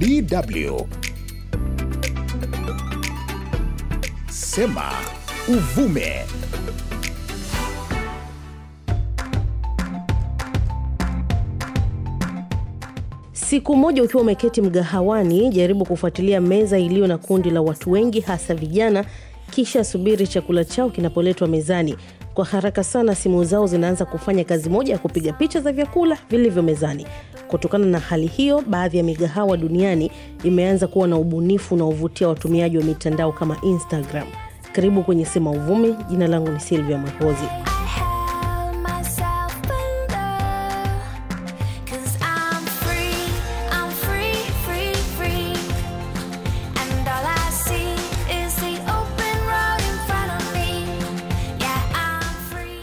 DW Sema Uvume. Siku moja ukiwa umeketi mgahawani, jaribu kufuatilia meza iliyo na kundi la watu wengi, hasa vijana, kisha subiri chakula chao kinapoletwa mezani. Kwa haraka sana, simu zao zinaanza kufanya kazi moja ya kupiga picha za vyakula vilivyo mezani. Kutokana na hali hiyo, baadhi ya migahawa duniani imeanza kuwa na ubunifu unaovutia watumiaji wa mitandao kama Instagram. Karibu kwenye Sema Uvumi. Jina langu ni Silvia mahozi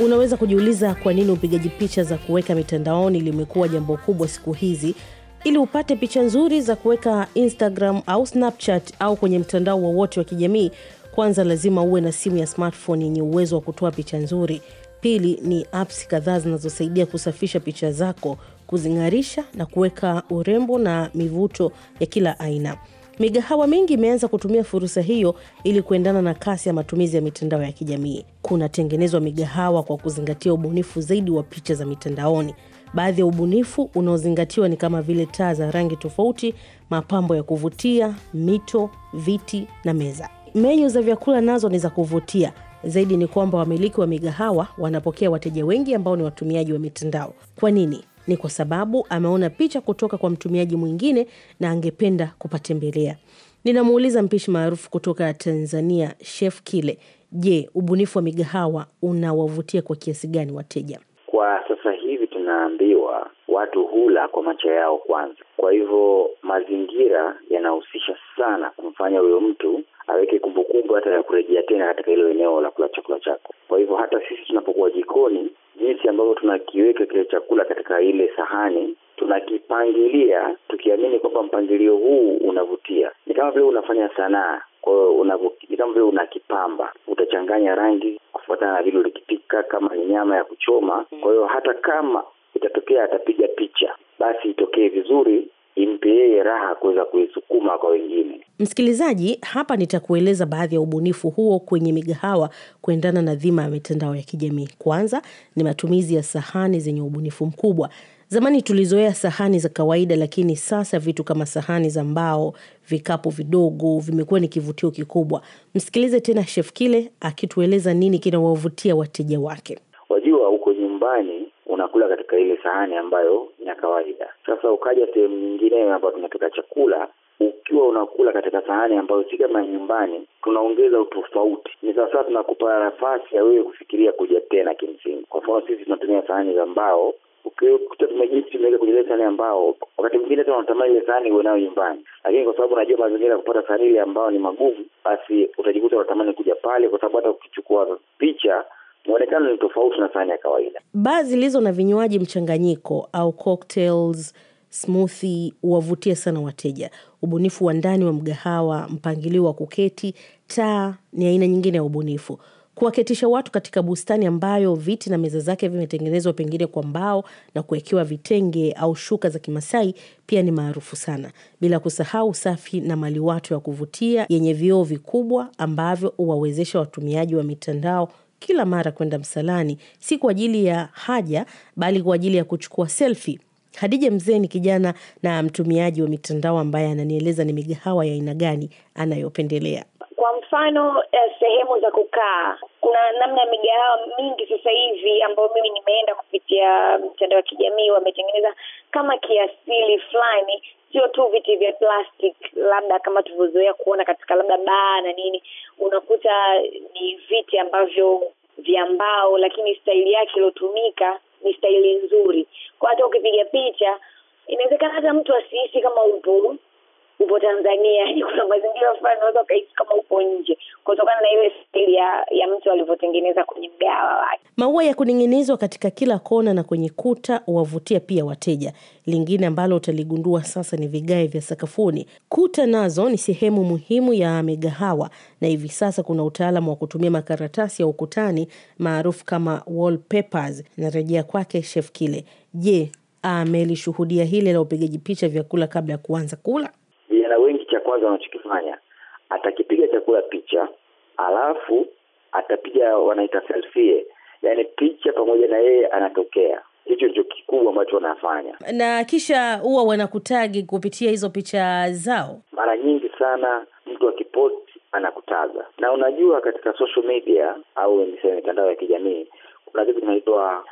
Unaweza kujiuliza kwa nini upigaji picha za kuweka mitandaoni limekuwa jambo kubwa siku hizi. Ili upate picha nzuri za kuweka Instagram au Snapchat au kwenye mtandao wowote wa, wa kijamii, kwanza lazima uwe na simu ya smartphone yenye uwezo wa kutoa picha nzuri. Pili ni apps kadhaa zinazosaidia kusafisha picha zako, kuzing'arisha na kuweka urembo na mivuto ya kila aina. Migahawa mingi imeanza kutumia fursa hiyo ili kuendana na kasi ya matumizi ya mitandao ya kijamii. Kunatengenezwa migahawa kwa kuzingatia ubunifu zaidi wa picha za mitandaoni. Baadhi ya ubunifu unaozingatiwa ni kama vile taa za rangi tofauti, mapambo ya kuvutia, mito, viti na meza. Menyu za vyakula nazo ni za kuvutia zaidi. Ni kwamba wamiliki wa migahawa wanapokea wateja wengi ambao ni watumiaji wa mitandao. Kwa nini? ni kwa sababu ameona picha kutoka kwa mtumiaji mwingine na angependa kupatembelea. Ninamuuliza mpishi maarufu kutoka Tanzania, Chef Kile, je, ubunifu wa migahawa unawavutia kwa kiasi gani wateja? Kwa sasa hivi tunaambiwa watu hula kwa macho yao kwanza, kwa hivyo mazingira yanahusisha sana kumfanya huyo mtu aweke kumbukumbu hata ya kurejea tena katika hilo eneo la kula chakula chako. Kwa hivyo hata sisi tunapokuwa jikoni jinsi ambavyo tunakiweka kile chakula katika ile sahani tunakipangilia tukiamini kwamba mpangilio huu unavutia. Ni kama vile unafanya sanaa, kwa ni kama vile unakipamba, utachanganya rangi kufuatana na vile ulikipika, kama ni nyama ya kuchoma. Kwa hiyo hata kama itatokea atapiga picha, basi itokee vizuri, impe yeye raha kuweza kuisukuma kwa wengine msikilizaji hapa nitakueleza baadhi ya ubunifu huo kwenye migahawa kuendana na dhima ya mitandao ya kijamii kwanza ni matumizi ya sahani zenye ubunifu mkubwa zamani tulizoea sahani za kawaida lakini sasa vitu kama sahani za mbao vikapu vidogo vimekuwa ni kivutio kikubwa msikilize tena chef kile akitueleza nini kinawavutia wateja wake wajua huko nyumbani unakula katika ile sahani ambayo ni ya kawaida. Sasa ukaja sehemu nyingine ambayo tunapika chakula, tunakula katika sahani ambayo si kama ya nyumbani, tunaongeza utofauti. Ni sawasawa tunakupa nafasi ya wewe kufikiria kuja tena. Kimsingi, kwa mfano sisi tunatumia sahani za mbao ukikuta tumejisi sahani ambao wakati mwingine hata unatamani ile sahani uwe nayo nyumbani, lakini kwa sababu unajua mazingira ya kupata sahani ile ambao ni magumu, basi utajikuta unatamani kuja pale, kwa sababu hata ukichukua picha mwonekano ni tofauti na sahani ya kawaida. Baa zilizo na vinywaji mchanganyiko au cocktails smuthi wavutia sana wateja ubunifu wa ndani wa mgahawa mpangilio wa kuketi taa ni aina nyingine ya ubunifu kuwaketisha watu katika bustani ambayo viti na meza zake vimetengenezwa pengine kwa mbao na kuwekewa vitenge au shuka za kimasai pia ni maarufu sana bila kusahau safi na maliwato ya kuvutia yenye vioo vikubwa ambavyo huwawezesha watumiaji wa mitandao kila mara kwenda msalani si kwa ajili ya haja bali kwa ajili ya kuchukua selfie Hadija Mzee ni kijana na mtumiaji wa mitandao ambaye ananieleza ni migahawa ya aina gani anayopendelea. Kwa mfano eh, sehemu za kukaa, kuna namna ya migahawa mingi sasa hivi ambayo mimi nimeenda kupitia mtandao wa kijamii, wametengeneza kama kiasili fulani sio tu viti vya plastic labda kama tulivyozoea kuona katika labda baa na nini, unakuta ni viti ambavyo vya mbao, lakini staili yake iliyotumika ni staili nzuri, kwa hata ukipiga picha inawezekana hata mtu asihisi kama upo upo Tanzania, yani kuna mazingira fulani unaweza ukaishi kama upo nje, kutokana na ile stili ya, ya mtu alivyotengeneza kwenye mgawa wake. Maua ya kuning'inizwa katika kila kona na kwenye kuta uwavutia pia wateja. Lingine ambalo utaligundua sasa ni vigae vya sakafuni. Kuta nazo ni sehemu muhimu ya migahawa, na hivi sasa kuna utaalamu wa kutumia makaratasi ya ukutani maarufu kama wallpapers. Narejea kwake Chef Kile. Je, amelishuhudia hili la upigaji picha vyakula kabla ya kuanza kula? vijana wengi cha kwanza wanachokifanya atakipiga chakula picha, alafu atapiga wanaita selfie, yani picha pamoja na yeye anatokea. Hicho ndicho kikubwa ambacho wanafanya, na kisha huwa wanakutagi kupitia hizo picha zao. Mara nyingi sana mtu akipoti anakutaga, na unajua, katika social media au niseme mitandao ya kijamii kuna kitu kinaitwa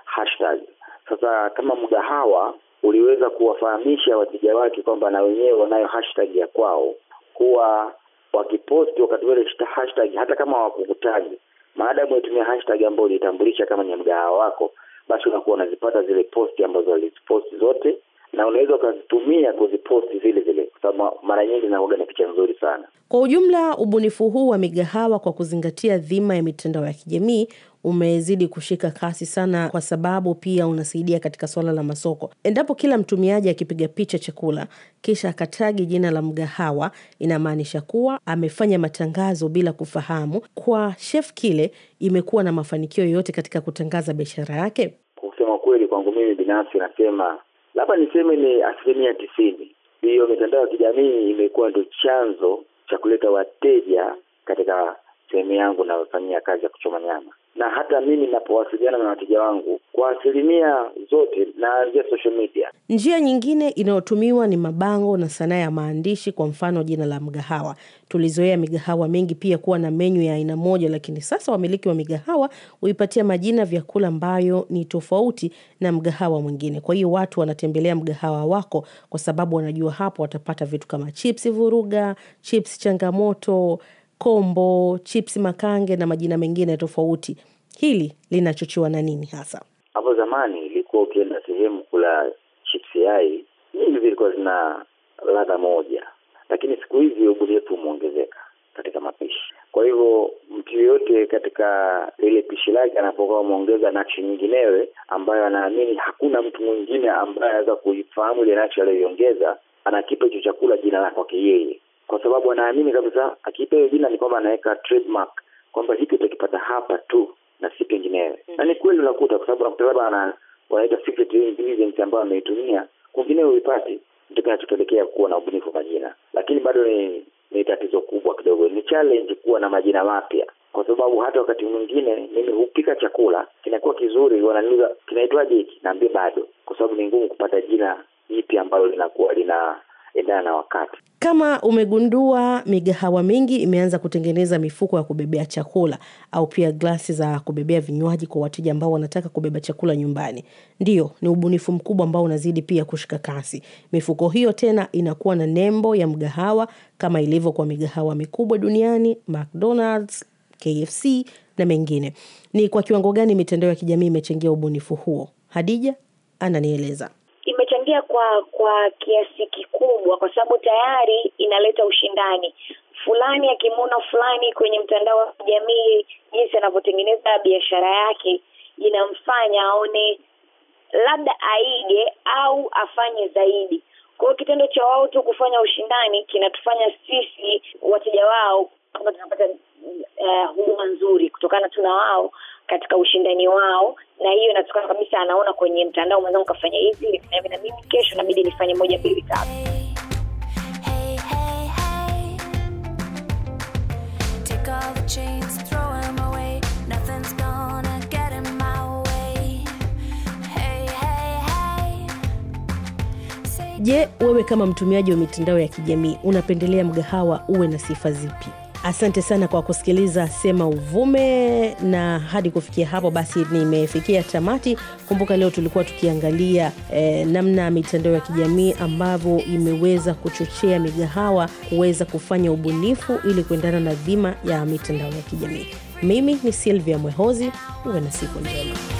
Sasa kama mgahawa uliweza kuwafahamisha wateja wake kwamba na wenyewe wanayo hashtag ya kwao. kuwa wakiposti wakati wale hashtag, hata kama hawakukutaji, maadamu umetumia hashtag ambayo ulitambulisha kama ni mgahawa wako, basi unakuwa unazipata zile posti ambazo waliziposti zote na unaweza ukazitumia kuziposti zile zile, kwa sababu mara nyingi zinakuwa ni picha nzuri sana. Kwa ujumla, ubunifu huu wa migahawa kwa kuzingatia dhima ya mitandao ya kijamii umezidi kushika kasi sana, kwa sababu pia unasaidia katika swala la masoko. Endapo kila mtumiaji akipiga picha chakula kisha akatagi jina la mgahawa, inamaanisha kuwa amefanya matangazo bila kufahamu. Kwa Chef Kile, imekuwa na mafanikio yoyote katika kutangaza biashara yake? Kwa kusema kweli, kwangu mimi binafsi nasema labda niseme ni asilimia tisini. Hiyo mitandao ya kijamii imekuwa ndio chanzo cha kuleta wateja katika sehemu yangu nayofanyia kazi ya kuchoma nyama hata mimi ninapowasiliana na wateja wangu kwa asilimia zote naanzia social media. Njia nyingine inayotumiwa ni mabango na sanaa ya maandishi, kwa mfano jina la mgahawa. Tulizoea migahawa mengi pia kuwa na menyu ya aina moja, lakini sasa wamiliki wa migahawa huipatia majina vyakula ambayo ni tofauti na mgahawa mwingine. Kwa hiyo watu wanatembelea mgahawa wako kwa sababu wanajua hapo watapata vitu kama chips vuruga, chips changamoto, kombo, chips makange na majina mengine tofauti. Hili linachochewa na nini hasa? Hapo zamani ilikuwa ukienda sehemu kula chipsiai nyingi zilikuwa zina ladha moja, lakini siku hizi ubunifu umeongezeka katika mapishi. Kwa hivyo mtu yoyote katika lile pishi lake anapokuwa ameongeza nakshi nyinginewe ambayo anaamini hakuna mtu mwingine ambaye anaweza kuifahamu ile nakshi aliyoiongeza, anakipa hicho chakula jina la kwake yeye, kwa sababu anaamini kabisa akipa hiyo jina ni kwamba anaweka trademark kwamba hiki utakipata hapa tu na si penginewe mm. na mm-hmm. ni kweli unakuta, kwa sababu nakuta labda wanaita secret intelligence ambayo ameitumia kwingineo uipati, ndio kinachopelekea kuwa na ubunifu majina, lakini bado ni ni tatizo kubwa kidogo, ni challenge kuwa na majina mapya, kwa sababu hata wakati mwingine mimi hupika chakula kinakuwa kizuri, wananiuliza kinaitwaje hiki, naambia bado, kwa sababu ni ngumu kupata jina jipya ambalo linakuwa lina kuendana na wakati. Kama umegundua, migahawa mingi imeanza kutengeneza mifuko ya kubebea chakula au pia glasi za kubebea vinywaji kwa wateja ambao wanataka kubeba chakula nyumbani. Ndiyo, ni ubunifu mkubwa ambao unazidi pia kushika kasi. Mifuko hiyo tena inakuwa na nembo ya mgahawa kama ilivyo kwa migahawa mikubwa duniani, McDonald's, KFC na mengine. Ni kwa kiwango gani mitandao ya kijamii imechangia ubunifu huo? Hadija ananieleza. Inachangia kwa kwa kiasi kikubwa, kwa sababu tayari inaleta ushindani fulani akimwona fulani kwenye mtandao wa kijamii jinsi anavyotengeneza biashara yake inamfanya aone labda aige au afanye zaidi. Kwa hiyo kitendo cha wao tu kufanya ushindani kinatufanya sisi wateja wao kama tunapata uh, huduma nzuri kutokana tu na wao katika ushindani wao, na hiyo inatokana kabisa, anaona kwenye mtandao mwenzangu kafanya hivi hivi, na mimi kesho inabidi nifanye moja mbili tatu. Je, wewe kama mtumiaji wa mitandao ya kijamii unapendelea mgahawa uwe na sifa zipi? Asante sana kwa kusikiliza Sema Uvume, na hadi kufikia hapo basi nimefikia tamati. Kumbuka leo tulikuwa tukiangalia eh, namna mitandao ya kijamii ambavyo imeweza kuchochea migahawa kuweza kufanya ubunifu ili kuendana na dhima ya mitandao ya kijamii. Mimi ni Silvia Mwehozi, uwe na siku njema.